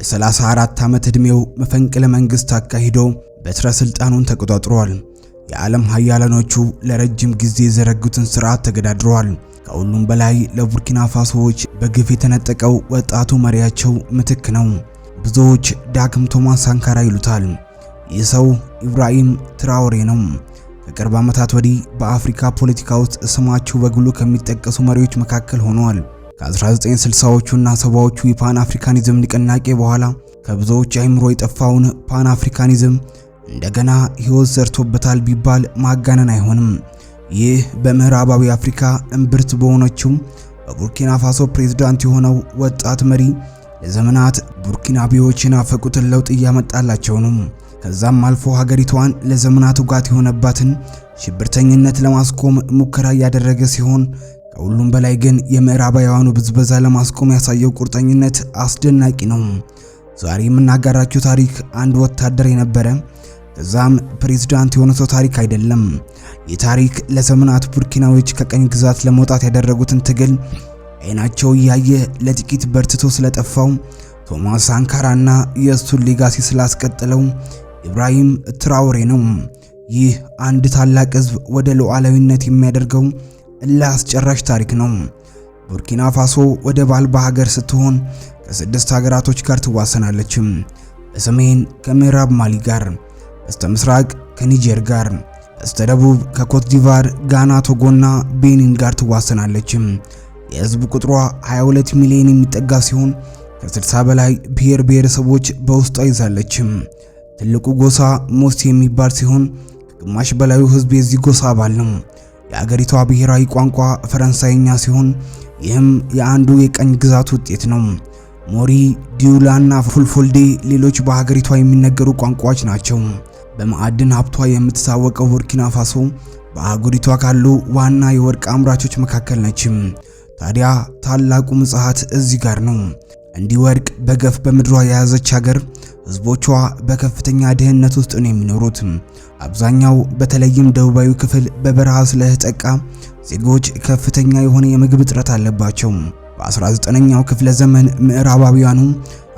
በ34 ዓመት ዕድሜው መፈንቅለ መንግሥት አካሂዶ በትረ ሥልጣኑን ተቆጣጥሯል። የዓለም ሀያላኖቹ ለረጅም ጊዜ የዘረጉትን ሥርዓት ተገዳድረዋል። ከሁሉም በላይ ለቡርኪና ፋሶዎች በግፍ የተነጠቀው ወጣቱ መሪያቸው ምትክ ነው። ብዙዎች ዳግም ቶማስ ሳንካራ ይሉታል። ይህ ሰው ኢብራሂም ትራኦሬ ነው። ከቅርብ ዓመታት ወዲህ በአፍሪካ ፖለቲካ ውስጥ ስማቸው በግሉ ከሚጠቀሱ መሪዎች መካከል ሆነዋል። ከ1960ዎቹና ሰባዎቹ የፓን አፍሪካኒዝም ንቅናቄ በኋላ ከብዙዎች አይምሮ የጠፋውን ፓን አፍሪካኒዝም እንደገና ሕይወት ዘርቶበታል ቢባል ማጋነን አይሆንም። ይህ በምዕራባዊ አፍሪካ እምብርት በሆነችው በቡርኪና ፋሶ ፕሬዝዳንት የሆነው ወጣት መሪ ለዘመናት ቡርኪናቤዎች የናፈቁትን ለውጥ እያመጣላቸው ነው። ከዛም አልፎ ሀገሪቷን ለዘመናት ውጋት የሆነባትን ሽብርተኝነት ለማስቆም ሙከራ እያደረገ ሲሆን ከሁሉም በላይ ግን የምዕራባውያኑ ብዝበዛ ለማስቆም ያሳየው ቁርጠኝነት አስደናቂ ነው። ዛሬ የምናጋራችሁ ታሪክ አንድ ወታደር የነበረ ከዛም ፕሬዝዳንት የሆነ ሰው ታሪክ አይደለም። ይህ ታሪክ ለዘመናት ቡርኪናዎች ከቀኝ ግዛት ለመውጣት ያደረጉትን ትግል አይናቸው እያየ ለጥቂት በርትቶ ስለጠፋው ቶማስ ና የእሱን ሌጋሲ ስላስቀጥለው ኢብራሂም ትራውሬ ነው። ይህ አንድ ታላቅ ህዝብ ወደ ሉዓላዊነት የሚያደርገው እልህ አስጨራሽ ታሪክ ነው። ቡርኪና ፋሶ ወደብ አልባ ሀገር ስትሆን ከስድስት ሀገራቶች ጋር ትዋሰናለችም። በሰሜን ከምዕራብ ማሊ ጋር፣ በስተ ምስራቅ ከኒጀር ጋር፣ በስተ ደቡብ ከኮት ዲቫር፣ ጋና፣ ቶጎና ቤኒን ጋር ትዋሰናለችም። የህዝብ ቁጥሯ 22 ሚሊዮን የሚጠጋ ሲሆን ከ60 በላይ ብሔር ብሔረሰቦች በውስጧ ይዛለችም። ትልቁ ጎሳ ሞስት የሚባል ሲሆን ከግማሽ በላዩ ህዝብ የዚህ ጎሳ አባል ነው። የአገሪቷ ብሔራዊ ቋንቋ ፈረንሳይኛ ሲሆን ይህም የአንዱ የቀኝ ግዛት ውጤት ነው። ሞሪ ዲዩላ እና ፉልፎልዴ ሌሎች በሀገሪቷ የሚነገሩ ቋንቋዎች ናቸው። በማዕድን ሀብቷ የምትታወቀው ቡርኪና ፋሶ በአህጉሪቷ ካሉ ዋና የወርቅ አምራቾች መካከል ነችም። ታዲያ ታላቁ ምጽሐት እዚህ ጋር ነው። እንዲህ ወርቅ በገፍ በምድሯ የያዘች ሀገር ህዝቦቿ በከፍተኛ ድህነት ውስጥ ነው የሚኖሩት። አብዛኛው በተለይም ደቡባዊ ክፍል በበረሃ ስለተጠቃ ዜጎች ከፍተኛ የሆነ የምግብ እጥረት አለባቸው። በ19ኛው ክፍለ ዘመን ምዕራባውያኑ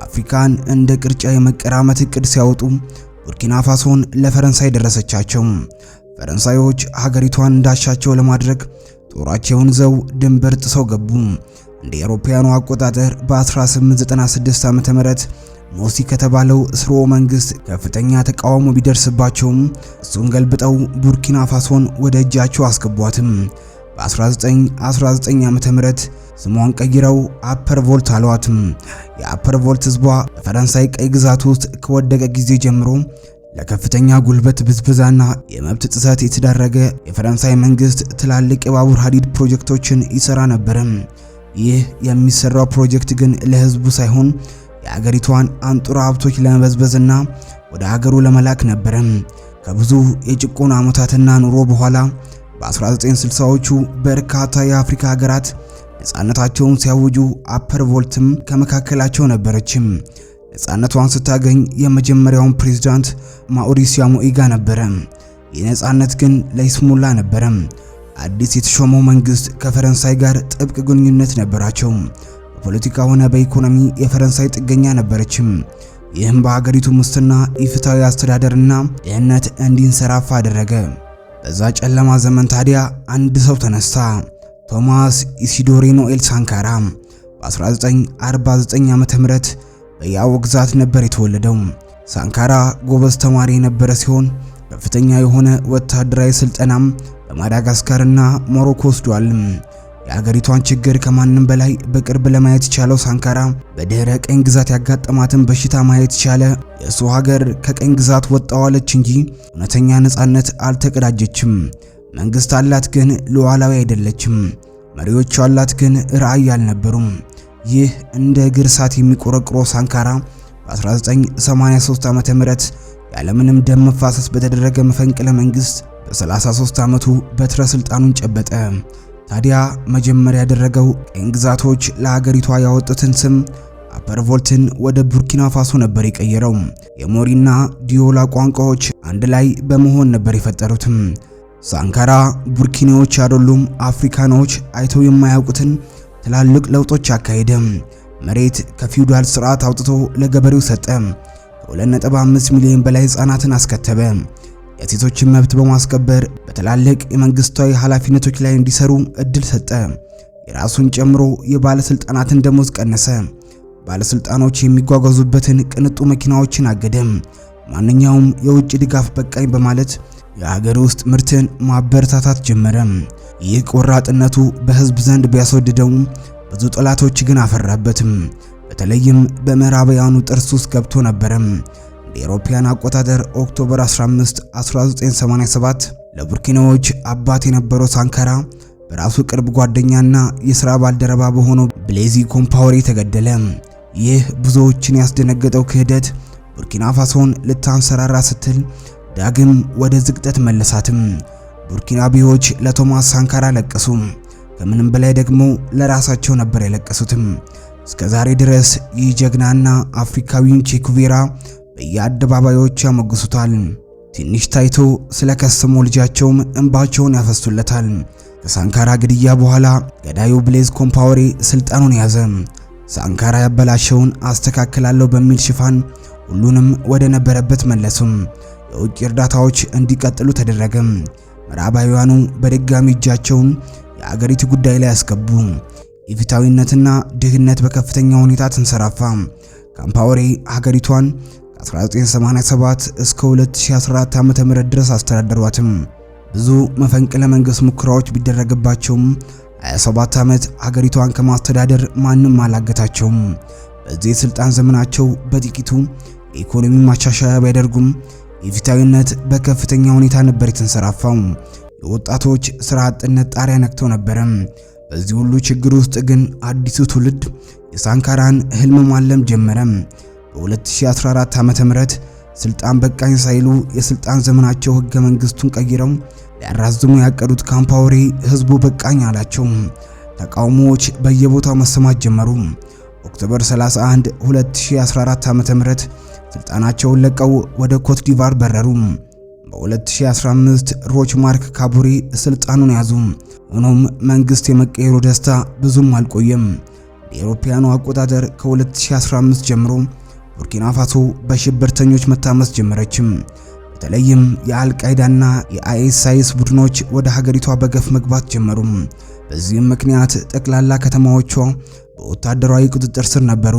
አፍሪካን እንደ ቅርጫ የመቀራመት እቅድ ሲያወጡ ቡርኪና ፋሶን ለፈረንሳይ ደረሰቻቸው። ፈረንሳዮች ሀገሪቷን እንዳሻቸው ለማድረግ ጦራቸውን ዘው ድንበር ጥሰው ገቡ። እንደ አውሮፓውያኑ አቆጣጠር በ1896 ዓ.ም ሞሲ ከተባለው ስርወ መንግስት ከፍተኛ ተቃውሞ ቢደርስባቸውም እሱን ገልብጠው ቡርኪና ፋሶን ወደ እጃቸው አስገቧትም። በ1919 ዓ.ም ስሟን ቀይረው አፐር ቮልት አሏትም። የአፐር ቮልት ህዝቧ በፈረንሳይ ቀይ ግዛት ውስጥ ከወደቀ ጊዜ ጀምሮ ለከፍተኛ ጉልበት ብዝበዛና የመብት ጥሰት የተዳረገ የፈረንሳይ መንግስት ትላልቅ የባቡር ሀዲድ ፕሮጀክቶችን ይሰራ ነበርም። ይህ የሚሰራው ፕሮጀክት ግን ለህዝቡ ሳይሆን የአገሪቷን አንጡራ ሀብቶች ለመበዝበዝና ወደ አገሩ ለመላክ ነበረ። ከብዙ የጭቆና ዓመታትና ኑሮ በኋላ በ1960ዎቹ በርካታ የአፍሪካ ሀገራት ነፃነታቸውን ሲያውጁ አፐር ቮልትም ከመካከላቸው ነበረችም። ነፃነቷን ስታገኝ የመጀመሪያውን ፕሬዝዳንት ማውሪሲዮ ሙኢጋ ነበረ። ይህ ነፃነት ግን ለይስሙላ ነበረ። አዲስ የተሾመው መንግስት ከፈረንሳይ ጋር ጥብቅ ግንኙነት ነበራቸው። በፖለቲካ ሆነ በኢኮኖሚ የፈረንሳይ ጥገኛ ነበረችም። ይህም በሀገሪቱ ሙስና፣ ኢፍታዊ አስተዳደርና ድህነት እንዲንሰራፋ አደረገ። በዛ ጨለማ ዘመን ታዲያ አንድ ሰው ተነሳ። ቶማስ ኢሲዶሬ ኖኤል ሳንካራ በ1949 ዓም ምህረት በያዎ ግዛት ነበር የተወለደው። ሳንካራ ጎበዝ ተማሪ የነበረ ሲሆን ከፍተኛ የሆነ ወታደራዊ ስልጠናም በማዳጋስካርና ሞሮኮ ወስዷል። የአገሪቷን ችግር ከማንም በላይ በቅርብ ለማየት የቻለው ሳንካራ በድህረ ቀኝ ግዛት ያጋጠማትን በሽታ ማየት ቻለ። የእሱ ሀገር ከቀኝ ግዛት ወጣዋለች እንጂ እውነተኛ ነጻነት አልተቀዳጀችም። መንግስት አላት፣ ግን ሉዓላዊ አይደለችም። መሪዎቹ አላት፣ ግን ራዕይ አልነበሩም። ይህ እንደ እግር እሳት የሚቆረቁረው ሳንካራ በ1983 ም ያለምንም ደም መፋሰስ በተደረገ መፈንቅለ መንግስት በ33 ዓመቱ በትረ ስልጣኑን ጨበጠ። ታዲያ መጀመሪያ ያደረገው ቅኝ ግዛቶች ለሀገሪቷ ያወጡትን ስም አፐርቮልትን ወደ ቡርኪና ፋሶ ነበር የቀየረው። የሞሪና ዲዮላ ቋንቋዎች አንድ ላይ በመሆን ነበር የፈጠሩትም። ሳንካራ ቡርኪኒዎች አይደሉም፣ አፍሪካኖች አይተው የማያውቁትን ትላልቅ ለውጦች አካሄደ። መሬት ከፊውዳል ስርዓት አውጥቶ ለገበሬው ሰጠ። ከ2.5 ሚሊዮን በላይ ህፃናትን አስከተበ። የሴቶችን መብት በማስከበር በትላልቅ የመንግስታዊ ኃላፊነቶች ላይ እንዲሰሩ እድል ሰጠ። የራሱን ጨምሮ የባለስልጣናትን ደሞዝ ቀነሰ። ባለስልጣኖች የሚጓጓዙበትን ቅንጡ መኪናዎችን አገደም። ማንኛውም የውጭ ድጋፍ በቃኝ በማለት የሀገር ውስጥ ምርትን ማበረታታት ጀመረ። ይህ ቆራጥነቱ በህዝብ ዘንድ ቢያስወድደውም ብዙ ጠላቶች ግን አፈራበትም። በተለይም በምዕራባውያኑ ጥርስ ውስጥ ገብቶ ነበረም። ለአውሮፓውያን አቆጣጠር ኦክቶበር 15 1987 ለቡርኪናዎች አባት የነበረው ሳንካራ በራሱ ቅርብ ጓደኛና የሥራ ባልደረባ በሆነው ብሌዚ ኮምፓወሪ ተገደለ። ይህ ብዙዎችን ያስደነገጠው ክህደት ቡርኪና ፋሶን ልታንሰራራ ስትል ዳግም ወደ ዝቅጠት መለሳትም። ቡርኪናቤዎች ለቶማስ ሳንካራ ለቀሱ። ከምንም በላይ ደግሞ ለራሳቸው ነበር የለቀሱትም። እስከ ዛሬ ድረስ ይህ ጀግናና አፍሪካዊን ቼኩቬራ በየአደባባዮቹ ያሞግሱታል። ትንሽ ታይቶ ስለ ከሰሙ ልጃቸውም እንባቸውን ያፈሱለታል። ከሳንካራ ግድያ በኋላ ገዳዩ ብሌዝ ኮምፓወሬ ስልጣኑን ያዘ። ሳንካራ ያበላሸውን አስተካክላለሁ በሚል ሽፋን ሁሉንም ወደ ነበረበት መለሱም። የውጭ እርዳታዎች እንዲቀጥሉ ተደረገ። ምዕራባውያኑ በድጋሚ እጃቸውን የአገሪቱ ጉዳይ ላይ ያስገቡ። ኢፍታዊነትና ድህነት በከፍተኛ ሁኔታ ተንሰራፋ። ካምፓወሬ ሀገሪቷን ከ1987 እስከ 2014 ዓ.ም ድረስ አስተዳደሯትም። ብዙ መፈንቅለ መንግስት ሙከራዎች ቢደረግባቸውም 27 ዓመት ሀገሪቷን ከማስተዳደር ማንም አላገታቸውም። በዚህ የስልጣን ዘመናቸው በጥቂቱ የኢኮኖሚ ማሻሻያ ቢያደርጉም የፊታዊነት በከፍተኛ ሁኔታ ነበር የተንሰራፋው። የወጣቶች ስራ አጥነት ጣሪያ ነክተው ነበረ። በዚህ ሁሉ ችግር ውስጥ ግን አዲሱ ትውልድ የሳንካራን ህልም ማለም ጀመረ። በ2014 ዓ.ም ስልጣን በቃኝ ሳይሉ የስልጣን ዘመናቸው ህገ መንግስቱን ቀይረው ሊያራዝሙ ያቀዱት ካምፓወሪ ህዝቡ በቃኝ አላቸው። ተቃውሞዎች በየቦታው መሰማት ጀመሩ። ኦክቶበር 31 2014 ዓ.ም ስልጣናቸውን ለቀው ወደ ኮትዲቫር በረሩ። በ2015 ሮች ማርክ ካቡሪ ስልጣኑን ያዙ። ሆኖም መንግስት የመቀየሩ ደስታ ብዙም አልቆየም። የአውሮፓውያኑ አቆጣጠር ከ2015 ጀምሮ ቡርኪና ፋሶ በሽብርተኞች መታመስ ጀመረችም። በተለይም የአልቃይዳና የአይኤስአይኤስ ቡድኖች ወደ ሀገሪቷ በገፍ መግባት ጀመሩም። በዚህም ምክንያት ጠቅላላ ከተማዎቿ በወታደራዊ ቁጥጥር ስር ነበሩ።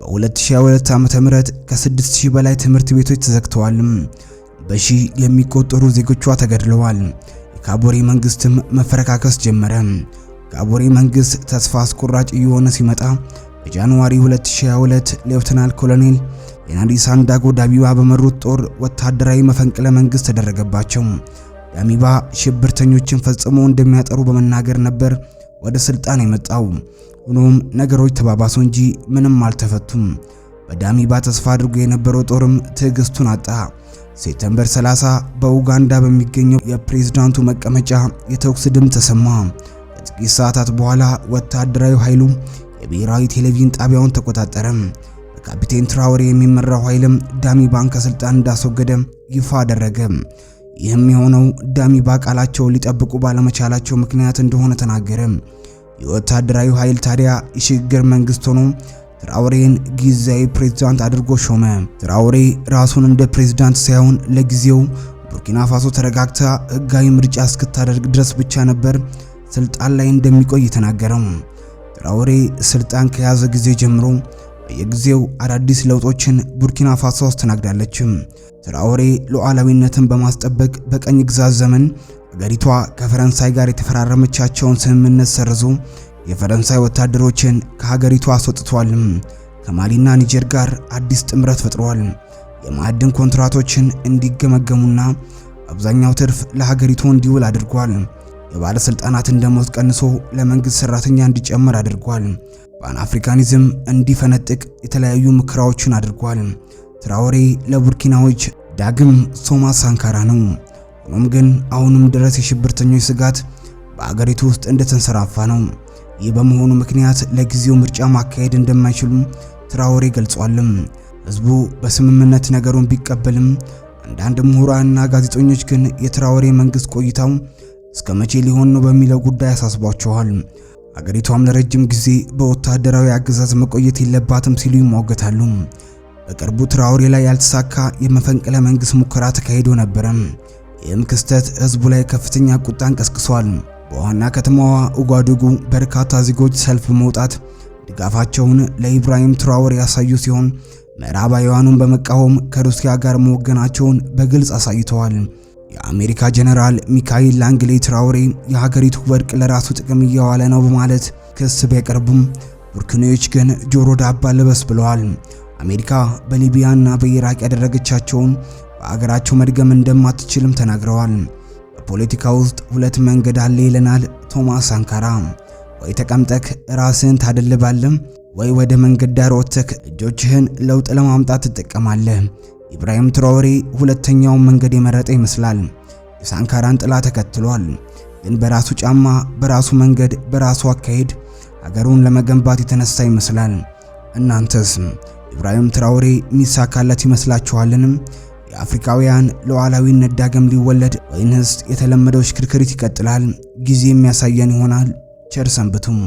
በ2022 ም ከ6000 በላይ ትምህርት ቤቶች ተዘግተዋል። በሺህ የሚቆጠሩ ዜጎቿ ተገድለዋል። የካቦሬ መንግስትም መፈረካከስ ጀመረ። ካቦሬ መንግስት ተስፋ አስቆራጭ እየሆነ ሲመጣ በጃንዋሪ 2022 ሌፍተናል ኮሎኔል የናዲስ ሳንዳጎ ዳሚባ በመሩት ጦር ወታደራዊ መፈንቅለ መንግስት ተደረገባቸው። ዳሚባ ሽብርተኞችን ፈጽሞ እንደሚያጠሩ በመናገር ነበር ወደ ስልጣን የመጣው። ሆኖም ነገሮች ተባባሱ እንጂ ምንም አልተፈቱም። በዳሚባ ተስፋ አድርጎ የነበረው ጦርም ትዕግስቱን አጣ። ሴፕቴምበር 30 በኡጋንዳ በሚገኘው የፕሬዝዳንቱ መቀመጫ የተኩስ ድምፅ ተሰማ። ከጥቂት ሰዓታት በኋላ ወታደራዊ ኃይሉ የብሔራዊ ቴሌቪዥን ጣቢያውን ተቆጣጠረ። በካፒቴን ትራወሬ የሚመራው ኃይልም ዳሚ ባን ከስልጣን እንዳስወገደ ይፋ አደረገ። ይህም የሆነው ዳሚ ባ ቃላቸውን ሊጠብቁ ባለመቻላቸው ምክንያት እንደሆነ ተናገረ። የወታደራዊ ኃይል ታዲያ የሽግግር መንግስት ሆኖ ትራውሬን ጊዜያዊ ፕሬዝዳንት አድርጎ ሾመ። ትራውሬ ራሱን እንደ ፕሬዝዳንት ሳይሆን ለጊዜው ቡርኪና ፋሶ ተረጋግታ ህጋዊ ምርጫ እስክታደርግ ድረስ ብቻ ነበር ስልጣን ላይ እንደሚቆይ ተናገረው። ራውሬ ስልጣን ከያዘ ጊዜ ጀምሮ በየጊዜው አዳዲስ ለውጦችን ቡርኪና ፋሶ አስተናግዳለች። ትራኦሬ ሉዓላዊነትን በማስጠበቅ በቀኝ ግዛት ዘመን አገሪቷ ከፈረንሳይ ጋር የተፈራረመቻቸውን ስምምነት ሰርዞ የፈረንሳይ ወታደሮችን ከሀገሪቱ አስወጥቷል። ከማሊና ኒጀር ጋር አዲስ ጥምረት ፈጥሯል። የማዕድን ኮንትራቶችን እንዲገመገሙና አብዛኛው ትርፍ ለሀገሪቱ እንዲውል አድርጓል። በባለስልጣናት ደሞዝ ቀንሶ ለመንግስት ሰራተኛ እንዲጨምር አድርጓል። ፓን አፍሪካኒዝም እንዲፈነጥቅ የተለያዩ ምክራዎችን አድርጓል። ትራዎሬ ለቡርኪናዎች ዳግም ሶማ ሳንካራ ነው። ሆኖም ግን አሁንም ድረስ የሽብርተኞች ስጋት በአገሪቱ ውስጥ እንደተንሰራፋ ነው። ይህ በመሆኑ ምክንያት ለጊዜው ምርጫ ማካሄድ እንደማይችሉ ትራዎሬ ገልጿልም። ህዝቡ በስምምነት ነገሩን ቢቀበልም አንዳንድ ምሁራንና ጋዜጠኞች ግን የትራዎሬ መንግስት ቆይታው እስከ መቼ ሊሆን ነው በሚለው ጉዳይ አሳስቧቸዋል። አገሪቷም ለረጅም ጊዜ በወታደራዊ አገዛዝ መቆየት የለባትም ሲሉ ይሟገታሉ። በቅርቡ ትራውሬ ላይ ያልተሳካ የመፈንቅለ መንግስት ሙከራ ተካሂዶ ነበረ። ይህም ክስተት ህዝቡ ላይ ከፍተኛ ቁጣን ቀስቅሷል። በዋና ከተማዋ ኡጓዱጉ በርካታ ዜጎች ሰልፍ መውጣት ድጋፋቸውን ለኢብራሂም ትራውሬ ያሳዩ ሲሆን ምዕራባውያኑን በመቃወም ከሩሲያ ጋር መወገናቸውን በግልጽ አሳይተዋል። የአሜሪካ ጀነራል ሚካኤል ላንግሌ ትራውሬ የሀገሪቱ ወርቅ ለራሱ ጥቅም እያዋለ ነው በማለት ክስ ቢያቀርቡም ቡርኪናዎች ግን ጆሮ ዳባ ልበስ ብለዋል። አሜሪካ በሊቢያና በኢራቅ ያደረገቻቸውን በአገራቸው መድገም እንደማትችልም ተናግረዋል። በፖለቲካ ውስጥ ሁለት መንገድ አለ ይለናል ቶማስ ሳንካራ። ወይ ተቀምጠክ ራስህን ታደልባለህ፣ ወይ ወደ መንገድ ዳር ወጥተክ እጆችህን ለውጥ ለማምጣት ትጠቀማለህ። ኢብራሂም ትራኦሬ ሁለተኛውን መንገድ የመረጠ ይመስላል። የሳንካራን ጥላ ተከትሏል። ግን በራሱ ጫማ፣ በራሱ መንገድ፣ በራሱ አካሄድ ሀገሩን ለመገንባት የተነሳ ይመስላል። እናንተስ ኢብራሂም ትራኦሬ ሚሳካለት ይመስላችኋልንም? የአፍሪካውያን ሉዓላዊነት ዳግም ሊወለድ ወይንስ የተለመደው ሽክርክሪት ይቀጥላል? ጊዜ የሚያሳየን ይሆናል። ቸር ሰንብቱም።